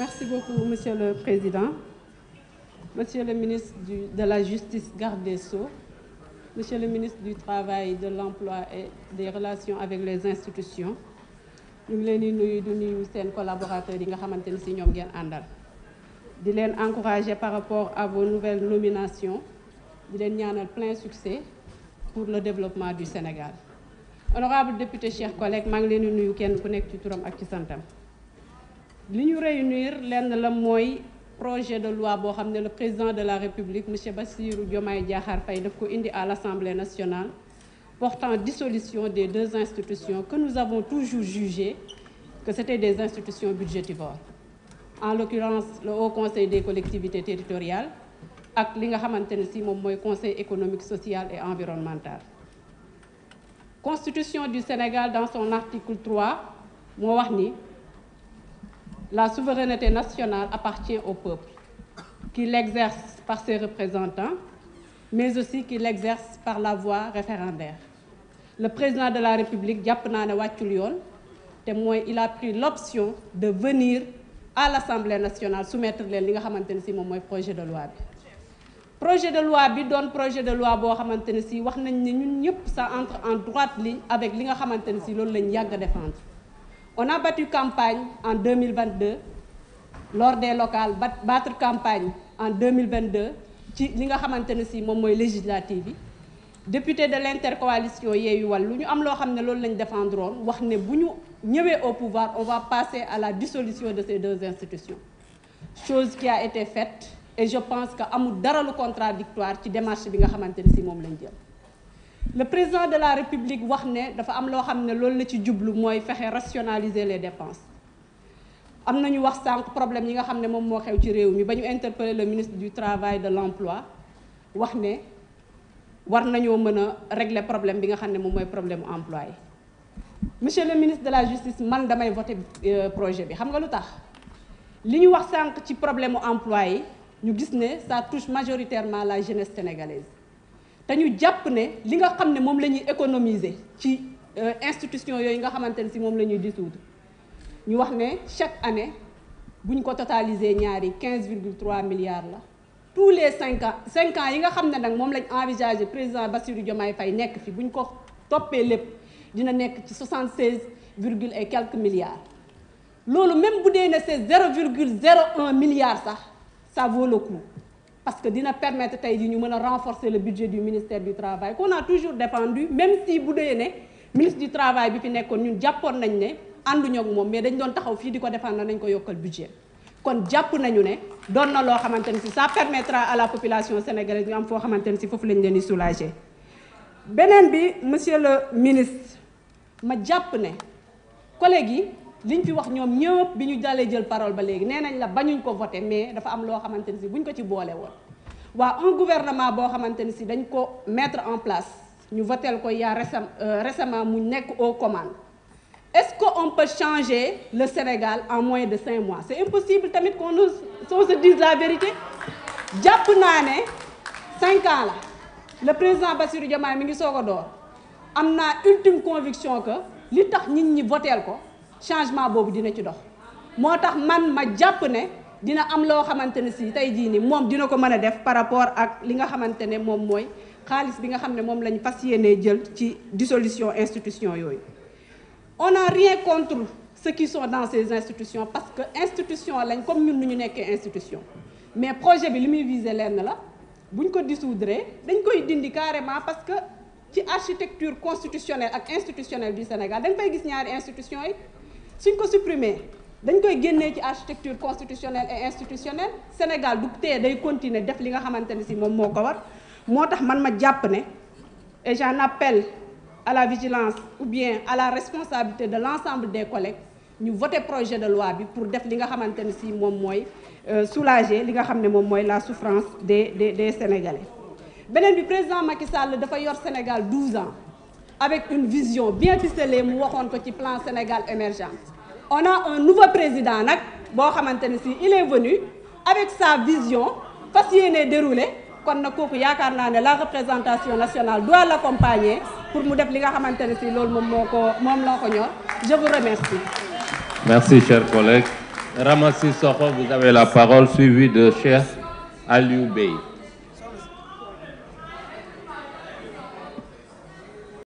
Merci beaucoup, Monsieur le Président. Monsieur le ministre du, de la Justice, garde des Sceaux, Monsieur le ministre du Travail, de l'Emploi et des Relations avec les institutions, ñu ngi leen di nuyu du nuyu seen collaborateurs yi nga xamante ni si ñoom ngeen àndal di leen encourager par rapport à vos nouvelles nominations di leen ñaanal plein succès pour le développement du Sénégal honorable député chers collègues maa ngi leen di nuyu kenn ku nekk ci turam ak ci santam li ñu réunir lenn la mooy projet de loi boo xam ne le président de la république monsieur Bassirou Diomaye Diakhar Faye def ko indi à l'assemblée nationale portant dissolution des deux institutions que nous avons toujours jugé que c'était des institutions budgétivores en l'occurrence le haut conseil des collectivités territoriales ak li nga xamante ne si moom mooy conseil économique social et environnemental constitution du Sénégal dans son moo wax ni La souveraineté nationale appartient au peuple, qui l'exerce par ses représentants, mais aussi qui l'exerce par la voie référendaire. Le président de la République jàpp naa ne wàccul yoon te mooy il a pris l'option de venir à l'Assemblée nationale soumettre leen li nga xamante ne si moom mooy projet de loi bi. projet de loi bi doon projet de loi boo xamante ne si wax nañ ne ñun ñëpp ça entre en droite ligne avec li nga xamante ne si loolu lañ yàgg a On a battu campagne en 2022 lors des locales battre campagne en 2022 ci li nga xamante ne si moom mooy législative bi député de l'intercoalition Yewwi lu ñu am loo xam ne loolu lañ défendroon wax ne bu ñu ñëwee au pouvoir on va passer à la dissolution de ces deux institutions chose qui a été faite et je pense que amul dara lu contradictoire ci démarché bi nga xamante ne si moom lañu jël le président de la république wax ne dafa am loo xam ne loolu la ci jublu mooy fexe rationaliser les dépenses am nañu wax sànq problème yi nga xam ne moom moo xew ci réew mi ba ñu interpeller le ministre du travail de l'emploi wax ne war nañoo mën a régler problème bi nga xam ne moom mooy problème emploi yi monsieur le ministre de la justice man damay voté euh, projet bi xam nga lu tax li ñu wax sànq ci problème emploi yi ñu gis ne ça touche majoritairement la jeunesse sénégalaise te jàpp ne li nga xam ne moom la ñuy économiser ci euh, institution yooyu nga xamante ne si moom la ñuy dissoudre ñu wax ne chaque année buñ ko totaliser ñaari quinze virgule trois milliards la tous les cinq ans yi nga xam ne nag moom lañ envisager président Bassirou Diomaye Faye nekk fi buñ ko toppee lépp dina nekk ci soixante seize virgule et quelques milliards loolu même bu dee ne c'est zéro virgule zéro un milliard sax ça vaut le parce que dina permettre tey ji ñu mën a renforcer le budget du ministère du travail qu'on a toujours défendu même si bu dee ne ministre du travail bi fi nekkoon ñun jàppoon nañ ne ànduñoo ak moom mais dañ doon taxaw fii di ko défendre nañ ko yokkal budget kon jàpp nañu ne doon na loo xamante ne si ça permettra à la population sénégalaise ñu am foo xamante ne si foofu lañ leen di soulager beneen bi monsieur le ministre ma jàpp ne collègue yi liñ fi wax ñoom ñëpp bi ñu jàllee jël parole ba léegi nee nañ la bañuñ ko voté mais dafa am loo xamante ni si buñ ko ci boole woon waa un gouvernement boo xamante ni si dañ ko mettre en place ñu voteel ko yaa euh, récemment mu nekk aux commande est-ce que on peut changer le Sénégal en moins de cinq mois c'est impossible tamit qu'on nous on se dise la vérité jàpp naa ne cinq ans la le président Bassirou Diomaye mi ngi soog a door am naa ultime conviction que li tax nit ñi voteel ko changement boobu dina ci dox moo tax man ma jàpp ne dina am loo xamante ne si tey jii nii moom dina ko mën a def par rapport ak li nga xamante ne moom mooy xaalis bi nga xam ne moom lañ fas yéenee jël ci dissolution institution yooyu on n'a rien contre ceux qui sont dans ces institutions parce que institution lañ comme ñun nu ñu nekkee institution mais projet bi li muy viser lenn la buñ ko dissoudre dañ koy dindi carrément parce que ci architecture constitutionnelle ak institutionnelle du Sénégal dañ fay gis ñaari institution yi suñ ko supprimer dañ koy génnee ci architecture constitutionnelle et institutionnelle Sénégal du tee day continuer def li nga xamante ne si moom moo ko war moo tax man ma jàpp ne et j'en appelle à la vigilance ou bien à la responsabilité de l'ensemble des collègues ñu voter projet de loi bi pour def li nga xamante ne si moom mooy euh, soulager li nga xam ne moom mooy la souffrance des de des Sénégalais beneen bi président Macky Sall dafa yor Sénégal 12 ans avec une vision bien ficelée mu waxoon ko ci plan Sénégal émergent on a un nouveau président nag boo xamante ne si il est venu avec sa vision fas yéenee déroulé kon na kooku yaakaar naa ne la représentation nationale doit l'accompagner pour mu def li nga xamante ne si loolu moom moo ko moom ko ñor je vous remercie. merci chers collègues Sokho vous avez la parole suivi de Cheikh Aliou Bey.